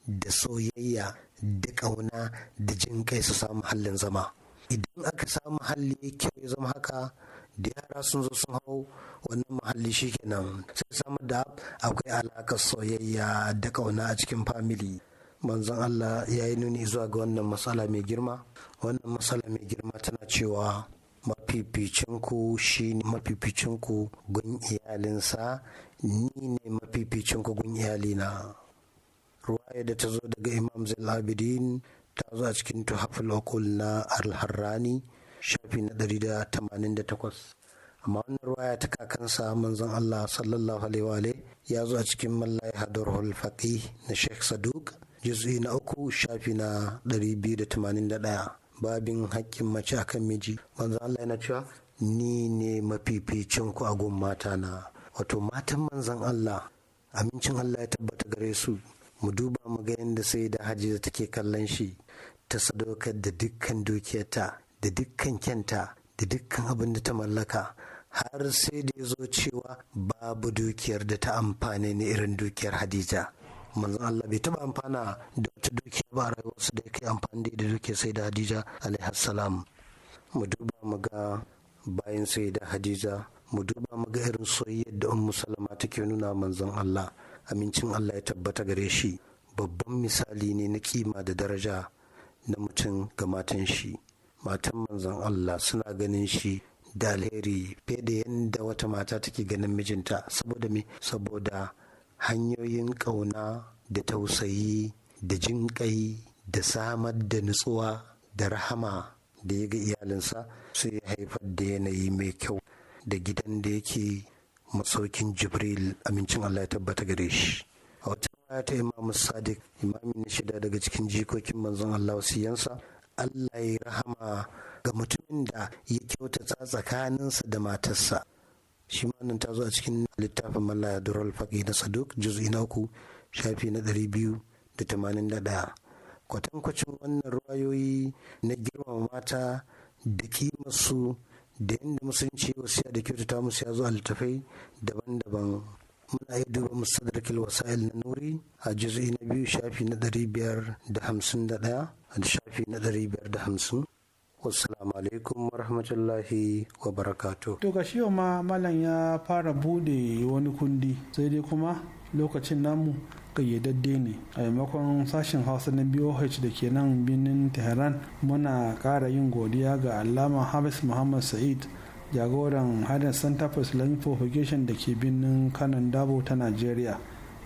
da soyayya da ƙauna da jin kai su samu hallin zama idan aka samu halli kyau ya zama haka da yara sun zo sun hau wannan mahalli shikenan sai samu da akwai alaƙar soyayya da ƙauna a cikin famili manzon Allah ya yi nuni zuwa ga wannan matsala mai girma wannan matsala mai girma tana cewa mafificinku shi ne mafificinku gun iyalinsa ni ne mafificin kugun iyalina ruwaya da ta zo daga imam zalabidin ta zo a cikin tuhaful okul na alharrani shafi na 188 amma wannan ruwaya ta kakansa manzon Allah sallallahu alaihi ya zo a cikin mallai hadar hulfaki na Sheikh Saduk juz'i na uku shafi na 281 babin haƙƙin mace akan miji manzon Allah yana cewa ni ne mafificin ku a gun mata na wato matan manzan Allah amincin Allah ya tabbata gare su mu duba mu ga yadda sai da da take kallon shi ta sadaukar da dukkan dukiyarta da dukkan kyanta da dukkan abin da ta mallaka har sai da ya zo cewa babu dukiyar da ta amfani ni irin dukiyar Hadiza. Manzan Allah bai taba amfana da wata dukiya ba a rayuwarsa da yake amfani da dukiyar sai da hadija alaihi mu duba mu ga bayan sai da hadija mu duba maga irin soyayyar da ummu salama take nuna manzon Allah amincin Allah ya tabbata gare shi babban misali ne na kima da daraja na mutum ga matan shi matan manzon Allah suna ganin shi da alheri fiye da yadda wata mata take ganin mijinta saboda me saboda hanyoyin kauna da tausayi da jinƙai da samar da nutsuwa da rahama da ya ga iyalinsa sai ya haifar da yanayi mai kyau da gidan da yake masaukin jibril amincin allah ya tabbata gare shi a wata baya ta imamu sadiq imami na shida daga cikin jikokin manzon allah wasiyansa allah ya rahama ga mutumin da ya kyautata tsakaninsa da matarsa shi nan ta zo a cikin littafin ya durul faƙi na saduk juz'i na uku shafi na ɗari biyu da tamanin da ɗaya kwatankwacin wannan ruwayoyi na girmama mata da kimarsu da inda musulunci siya da kyautata musu ya zo a littafai daban-daban muna yi duba musadarkil wasa'il na nuri a juz'i na biyu shafi na ɗari biyar da hamsin da ɗaya a shafi na ɗari biyar da hamsin wassalamu alaikum wa to ga shi ma malam ya fara bude wani kundi sai dai kuma lokacin namu kayyadadde ne a maimakon sashen hausa na boh da ke nan birnin tehran muna kara yin godiya ga alama habis muhammad sa'id jagoran hadin center for islamic propagation da ke birnin kanan dabo ta nigeria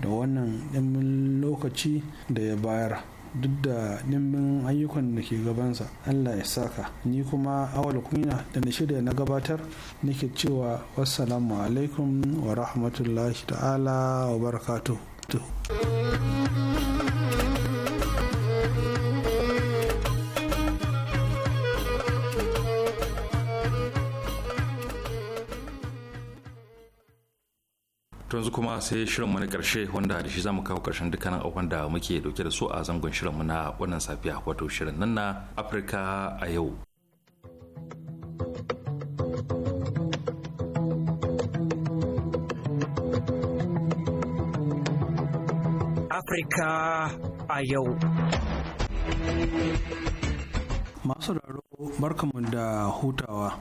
da wannan ɗimbin lokaci da ya bayar duk da ɗimbin ayyukan da ke gabansa allah ya saka ni kuma awal kunya da na shirya na gabatar nake cewa wassalamu alaikum wa rahmatullahi ta'ala wa barakatuh Cristo. yanzu kuma sai shirinmu na karshe wanda da shi za mu kawo karshen dukkanin abubuwan da muke dauke da su a zangon shirinmu na wannan safiya wato shirin nan na afirka a yau Afirka a yau. Masu raro barkamu da hutawa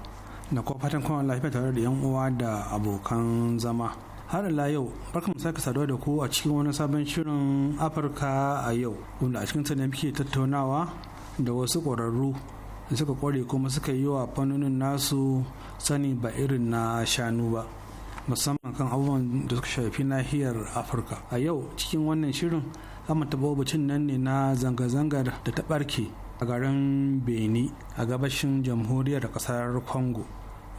da kuma fatan lafiya tare da 'yan uwa da abokan zama. Har ila yau barkamu sake saduwa da ku a cikin wani sabon shirin Afirka a yau wanda a cikin ne muke tattaunawa da wasu ƙwararru da suka ƙware kuma suka yi wa fannonin nasu sani ba irin na shanu ba. musamman kan abubuwan da suka shafi nahiyar afirka a yau cikin wannan shirin amma taɓa bacin nan ne na zanga-zangar da ta barke a garin beni a gabashin jamhuriyar kasar congo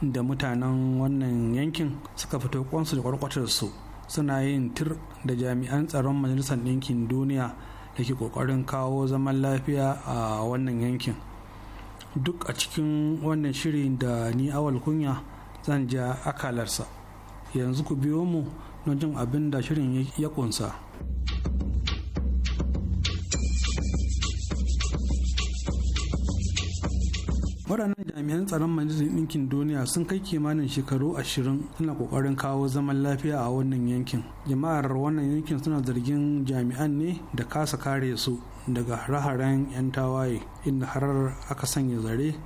da mutanen wannan yankin suka fito kwansu da kwarkwatarsu suna yin tir da jami'an tsaron majalisar ɗinkin duniya da ke ƙoƙarin kawo zaman lafiya a wannan yankin duk a cikin wannan shiri da ni awal kunya zan ja akalarsa yanzu ku biyo mu na jin abin da shirin ya kunsa. waɗannan jami'an tsaron majalisar ɗinkin duniya sun kai kimanin shekaru ashirin suna ƙoƙarin kawo zaman lafiya a wannan yankin jama'ar wannan yankin suna zargin jami'an ne da kasa kare su daga hare-haren 'yan tawaye inda harar aka sanya zare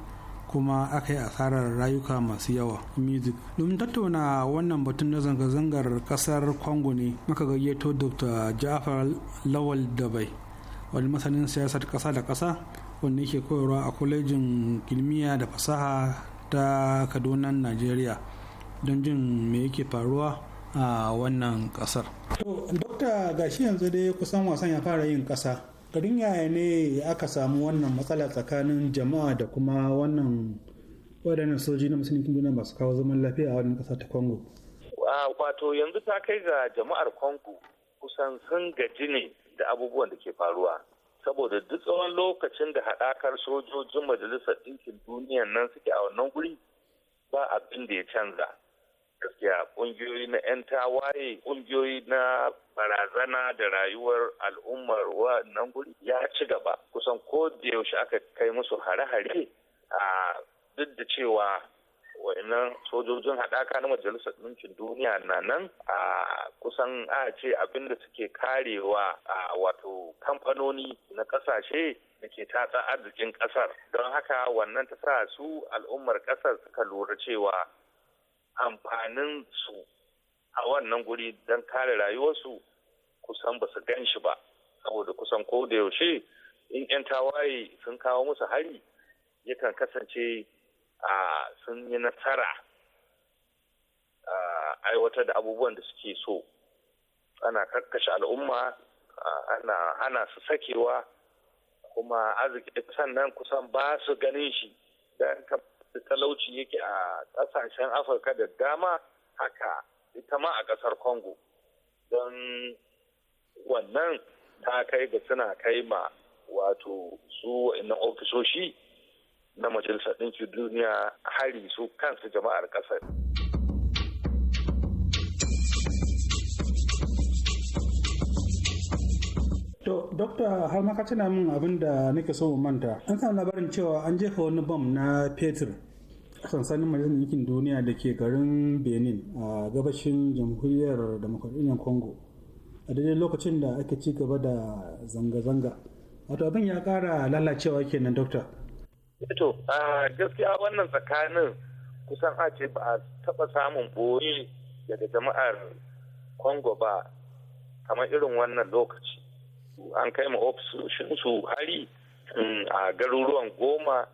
kuma aka yi asarar rayuka masu yawa music domin tattauna wannan batun na zanga-zangar kasar congo ne maka gayyato dr jafar lawal dabai wani masanin siyasar kasa da kasa wanda yake koyarwa a kwalejin kimiyya da fasaha ta kaduna nigeria don jin me yake faruwa a wannan kasar to dokta gashi yanzu dai kusan wasan ya fara yin kasa garin yaya ne aka samu wannan matsala tsakanin jama'a da kuma wannan waɗannan soji na musulun duniya masu kawo zaman lafiya a wannan ƙasa ta congo wato yanzu ta kai ga jama'ar congo kusan sun gaji ne da abubuwan da ke faruwa saboda duk tsawon lokacin da haɗakar sojojin majalisar ɗinkin duniya nan suke a wannan guri ba abin da ya canza gaskiya ƙungiyoyi na 'yan tawaye ƙungiyoyi na barazana da rayuwar al'ummar wannan guri ya ci gaba kusan ko da yaushe aka kai musu hare-hare a duk da cewa wa'annan sojojin haɗaka na majalisar ɗinkin duniya na nan a kusan a ce abinda suke karewa a wato kamfanoni na ƙasashe da ke tatsa arzikin ƙasar don haka wannan ta sa su al'ummar ƙasar suka lura cewa amfanin su a wannan guri don kare rayuwarsu kusan ba su gan shi ba saboda kusan ko da yaushe in 'yan tawaye sun kawo musu hari yakan kasance a sun yi nasara aiwatar da abubuwan da suke so ana karkashe al'umma ana su sakewa kuma arziki sannan kusan ba su ganin shi don da talauci yake a ƙasashen afirka da dama haka ita ma a ƙasar congo don wannan ta kai da suna kai ma wato su wa'annan ofisoshi na majalisar ɗinkin duniya hari su kansu jama'ar ƙasar. dokta har tana min abin da nake so manta an samu labarin cewa an jefa wani bom na fetur sansanin majalisar duniya da ke garin benin a gabashin jamhuriyar demokradiyyar congo a daidai lokacin da ake ci gaba da zanga-zanga wato abin ya kara lalacewa kenan dokta eh to gaskiya wannan tsakanin kusan a ce ba a taba samun bori daga jama'ar congo ba kamar irin wannan lokaci an kai ma ofisoshinsu hari um, a garuruwan goma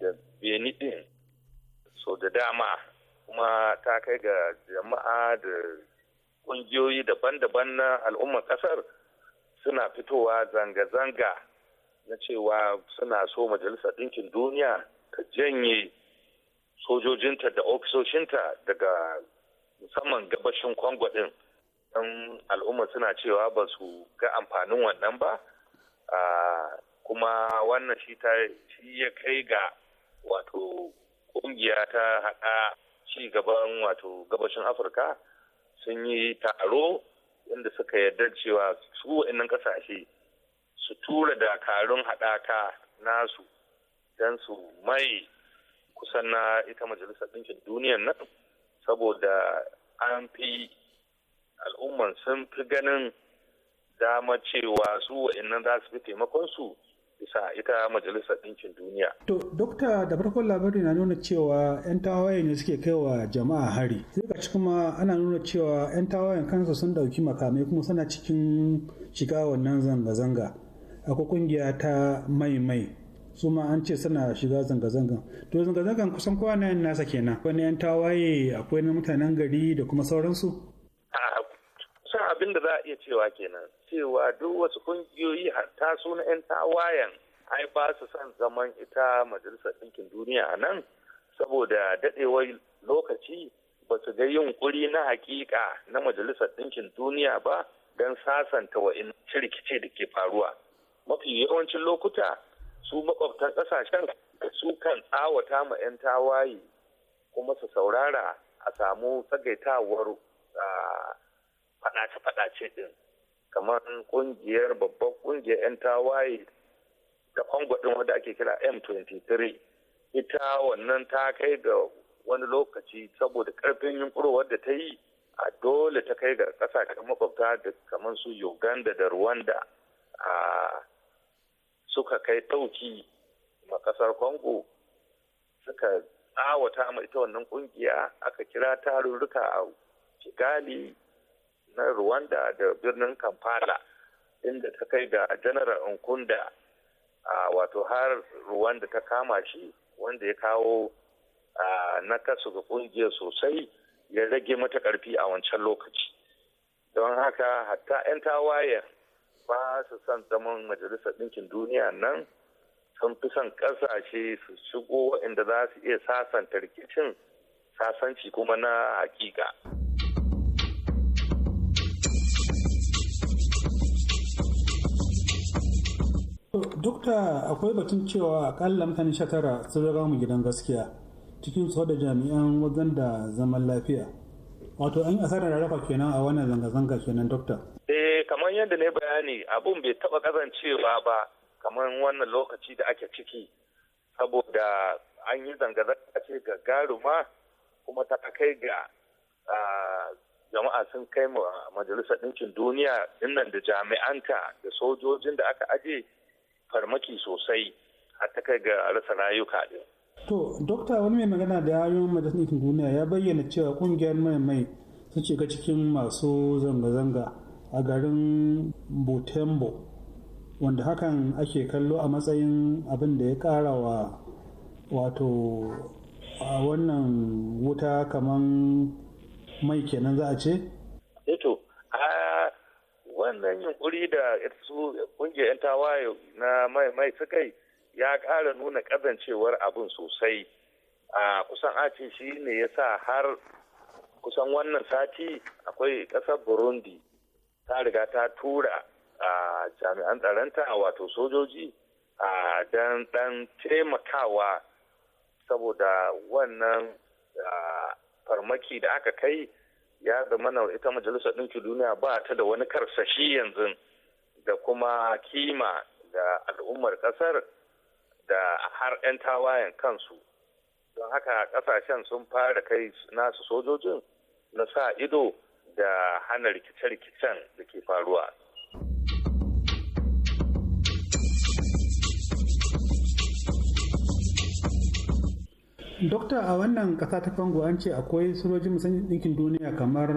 da beni din so da dama kuma ta kai ga jama'a da kungiyoyi daban-daban na al'ummar kasar suna fitowa zanga-zanga na cewa suna so majalisar ɗinkin duniya ta janye sojojinta da ofisoshinta daga musamman gabashin kwangwa ɗin. dan al'umma suna cewa ba su ga amfanin wannan ba ah, kuma wannan shi ya kai ga wato kungiya ta haɗa ci gaban wato gabashin afirka sun yi taro inda suka yarda cewa su wa'annan ƙasashe su tura dakarun haɗaka nasu don su mai kusan na ita majalisar ɗinkin duniyan nan saboda an fi al'umman sun fi ganin dama cewa su wa'annan za su fi taimakon su bisa ita majalisar ɗinkin duniya. To, dokta da farkon labari na nuna cewa 'yan tawaye ne suke kai wa jama'a hari. Sai ga kuma ana nuna cewa 'yan tawayen kansa sun ɗauki makamai kuma suna cikin shiga wannan zanga-zanga. Akwai kungiya ta mai-mai su ma an ce suna shiga zanga-zangan to zanga-zangan kusan kowa na yan nasa kenan wani yan tawaye akwai na mutanen gari da kuma sauransu abin da za a iya cewa kenan cewa duk wasu kungiyoyi hatta suna 'yan tawayen ai ba su son zaman ita majalisar ɗinkin duniya a nan saboda daɗewar lokaci ba su ga yunkuri na hakika na majalisar ɗinkin duniya ba don sasanta wa'in shirkice da ke faruwa mafi yawancin lokuta su makwabtan ƙasashen su kan tsawata ma 'yan tawaye kuma su saurara a samu tsagaitawar ah, faɗace-faɗace ɗin kamar ƙungiyar babbar ƙungiyar 'yan tawaye ta kwango ɗin wanda ake kira m23 ita wannan ta kai ga wani lokaci saboda ƙarfin yunkurowar da ta yi a dole ta kai ga ƙasashen makwabta da kamar su uganda da rwanda a suka kai ɗauki ma ƙasar kwango suka tsawata ma ita wannan ƙungiya aka kira tarurruka a kigali na rwanda da birnin kampala inda ta kai da general nkunda a wato har rwanda ta kama shi wanda ya kawo na kasu ga kungiyar sosai ya rage mata karfi a wancan lokaci don haka hatta 'yan tawaye ba su son zaman majalisar ɗinkin duniya nan sun fi son ƙasashe su shigo inda za su iya sasanta rikicin sasanci kuma na hakika. Duk da akwai batun cewa akalla mutane sha tara sun riga mu gidan gaskiya cikin tsohon da jami'an wajen da zaman lafiya. Wato an asarar rarrafa kenan a wannan zanga-zanga kenan dokta. Eh kamar yadda na yi bayani abun bai taba kazancewa ba kamar wannan lokaci da ake ciki saboda an yi zanga-zanga ce gagaruma kuma ta kai ga jama'a sun kai majalisar ɗinkin duniya dinnan da jami'anta da sojojin da aka aje farmaki sosai a ta kai ga rasa rayuka din. To, Dokta wani mai magana da yayin majalisar ɗinkin duniya ya bayyana cewa ƙungiyar mai mai ce shiga cikin masu zanga-zanga a garin Butembo, wanda hakan ake kallo a matsayin abin da ya ƙara wa wato a wannan wuta kamar mai kenan za a ce? Eto, eh wannan yunkuri da su kungiyar 'yan tawaye na mai mai ya ƙara nuna ƙazancewar abin sosai a kusan ace shi ne ya sa har kusan wannan sati akwai ƙasar burundi ta riga ta tura a jami'an tsaronta wato sojoji a dan dan taimakawa saboda wannan farmaki da aka kai ya zama na ita majalisar ɗinkin duniya ba ta da wani karsashi yanzu da kuma kima da al'ummar ƙasar da har 'yan tawayen kansu don haka ƙasashen sun fara kai nasu sojojin na sa ido da hana rikice-rikicen da ke faruwa dokta a wannan kasa ta kongo an ce akwai sojojin musamman ɗinkin duniya kamar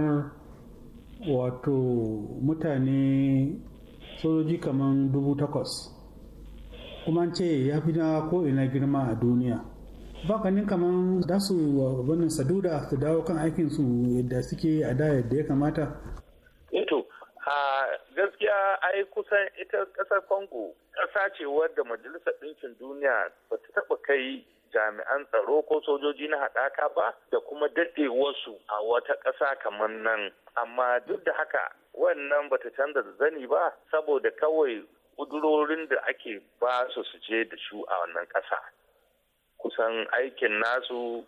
wato mutane sojoji kamar dubu takwas kuma an ce ya fi na ko'ina girma a duniya ba ganin kamar za su sadu saduda su dawo kan aikinsu su yadda suke a da yadda ya kamata eto eh a gaskiya ai kusan ita kasar congo ƙasa ce wadda majalisar ɗinkin duniya ba ta taɓa kai jami'an tsaro ko sojoji na haɗaka ba da kuma daɗewarsu a wata ƙasa kamar nan amma duk da haka wannan bata canza da zani ba saboda kawai ƙudurorin da ake ba su su je da shu a wannan ƙasa kusan aikin nasu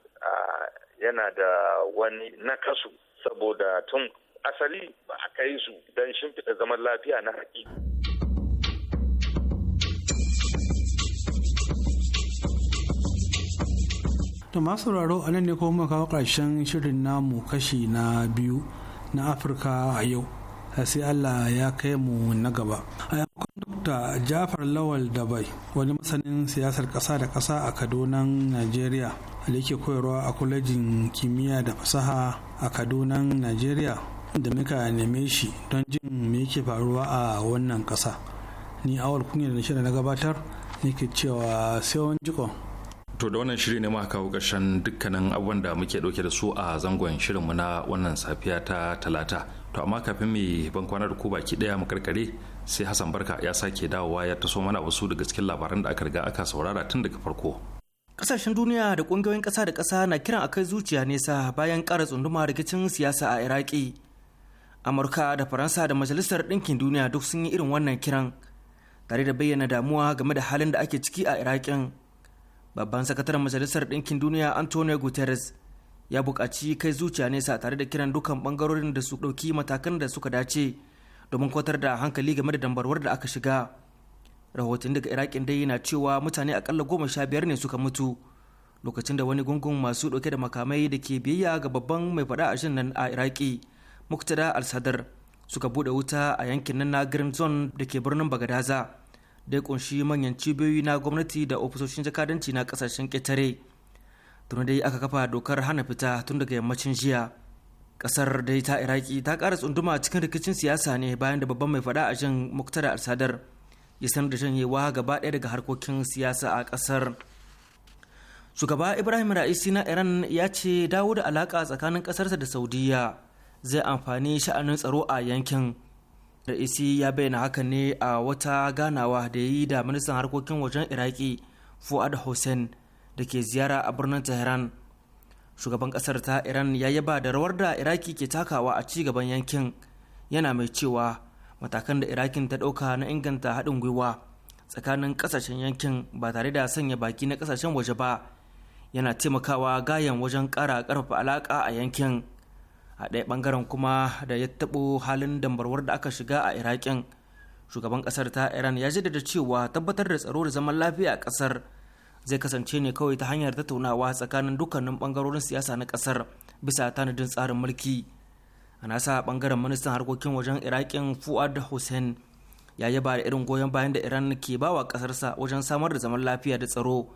yana da wani nakasu saboda tun asali ba a kai su don shimfiɗa zaman lafiya na haƙiƙa. to masu sauraro a nan ne kuma kawo ƙarshen shirin namu kashi na biyu na afirka a yau sai allah ya kai mu na gaba a yamakon dr jafar lawal dabai wani masanin siyasar ƙasa da ƙasa a kadunan najeriya da yake koyarwa a kwalejin kimiyya da fasaha a kadunan najeriya da muka neme shi don jin me yake faruwa a wannan ƙasa ni awal kunya da shirin na gabatar nake cewa sai wani jikon to da wannan shiri ne ma kawo ƙarshen dukkanin abubuwan da muke ɗauke da su a zangon shirin mu na wannan safiya ta talata to amma kafin mai ban kwana da ku baki ɗaya mu karkare sai hassan barka ya sake dawowa ya taso mana wasu daga cikin labaran da aka riga aka saurara tun daga farko Kasashen duniya da ƙungiyoyin ƙasa da ƙasa na kiran a kai zuciya nesa bayan ƙara tsunduma rikicin siyasa a Iraki. Amurka da Faransa da Majalisar Ɗinkin Duniya duk sun yi irin wannan kiran, tare da bayyana damuwa game da halin da ake ciki a Iraƙin. babban sakataren majalisar ɗinkin duniya antonio guterres ya buƙaci kai zuciya nesa tare da kiran dukkan ɓangarorin da su ɗauki matakan da suka dace domin kwatar da hankali game da dambarwar da aka shiga rahoton daga iraƙin dai na cewa mutane akalla goma sha biyar ne suka mutu lokacin da wani gungun masu ɗauke da makamai da ke biyayya ga babban mai faɗa a nan a iraki muktada al-sadar suka buɗe wuta a yankin nan na green zone da ke birnin bagadaza da kunshi manyan cibiyoyi na gwamnati da ofisoshin jakadanci na kasashen ƙetare tun dai aka kafa dokar hana fita tun daga yammacin jiya kasar dai ta iraki ta kara tsunduma cikin rikicin siyasa ne bayan da babban mai fada a jin muktada al-sadar ya sanar da janyewa gaba ɗaya daga harkokin siyasa a ƙasar shugaba ibrahim ra'isi na iran ya ce dawo da alaƙa tsakanin ƙasarsa da saudiya zai amfani sha'anin tsaro a yankin Ra'isi ya bayyana haka ne a wata ganawa da yi da ministan harkokin wajen Iraki Fuad Hussein da ke ziyara a birnin Tehran. Shugaban kasar ta Iran ya yaba da rawar da Iraki ke takawa a ci gaban yankin yana mai cewa matakan da Irakin ta dauka na inganta haɗin gwiwa tsakanin kasashen yankin ba tare da sanya baki na kasashen waje ba yana taimakawa gayan wajen ƙara ƙarfafa alaƙa a yankin. a ɗaya ɓangaren kuma da ya taɓo halin dambarwar da aka shiga a iraƙin shugaban ƙasar ta iran ya jaddada cewa tabbatar da tsaro da zaman lafiya a ƙasar zai kasance ne kawai ta hanyar tattaunawa tsakanin dukkanin ɓangarorin siyasa na ƙasar bisa tanadin tsarin mulki a nasa ɓangaren ministan harkokin wajen iraƙin fuad hussein ya yaba da irin goyon bayan da iran ke bawa ƙasarsa wajen samar da zaman lafiya da tsaro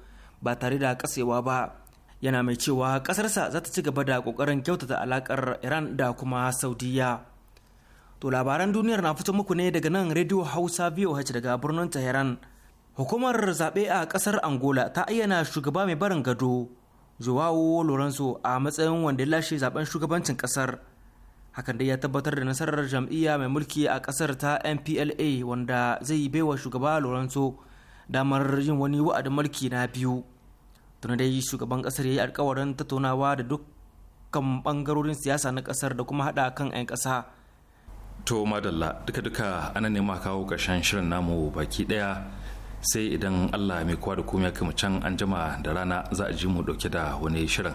ba tare da kasewa ba yana mai cewa ƙasarsa za ta ci gaba da ƙoƙarin kyautata alaƙar iran da kuma saudiya to labaran duniyar na fito muku ne daga nan rediyo hausa voh daga birnin tehran hukumar zaɓe a ƙasar angola ta ayyana shugaba mai barin gado joao lorenzo a matsayin wanda ya lashe zaben shugabancin ƙasar hakan dai ya tabbatar da nasarar jam'iyya mai mulki a ƙasar ta mpla wanda zai baiwa shugaba lorenzo damar yin wani wa'adin mulki na biyu tuna dai shugaban kasar ya yi alkawarin tattaunawa da dukkan bangarorin siyasa na kasar da kuma hada kan 'yan kasa to madalla duka-duka ana nema kawo ƙarshen shirin namu baki daya sai idan allah mai kowa da komai kuma can an jima da rana za a ji mu dauke da wani shirin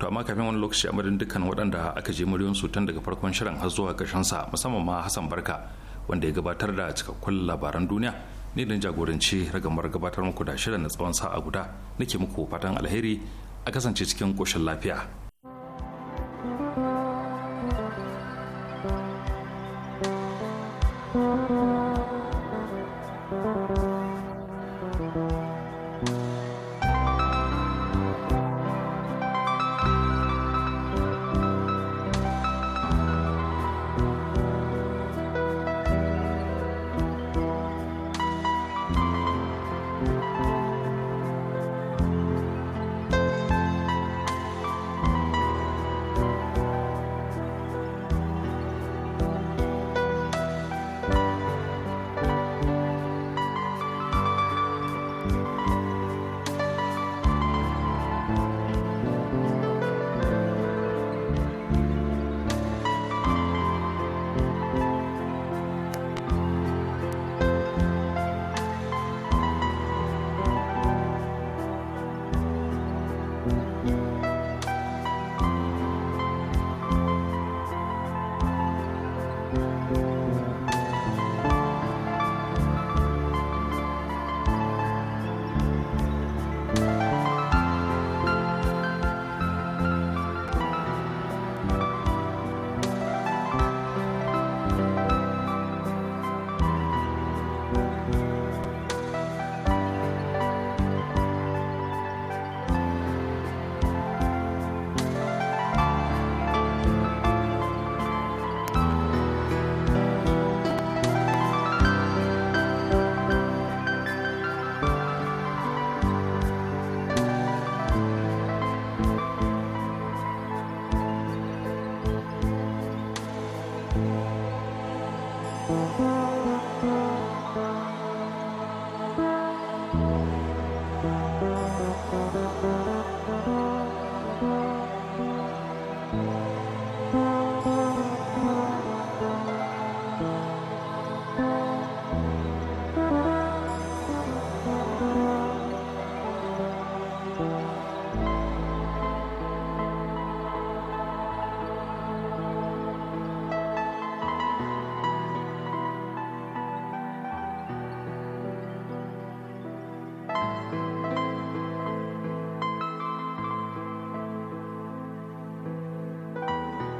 to amma kafin wani lokaci amarin dukkan waɗanda aka je muryoyin su tun daga farkon shirin har zuwa ƙarshen sa musamman ma hassan barka wanda ya gabatar da cikakkun labaran duniya ni dan jagoranci ragamar gabatar muku da shirin na tsawon sa'a guda nake muku fatan alheri a kasance cikin koshin lafiya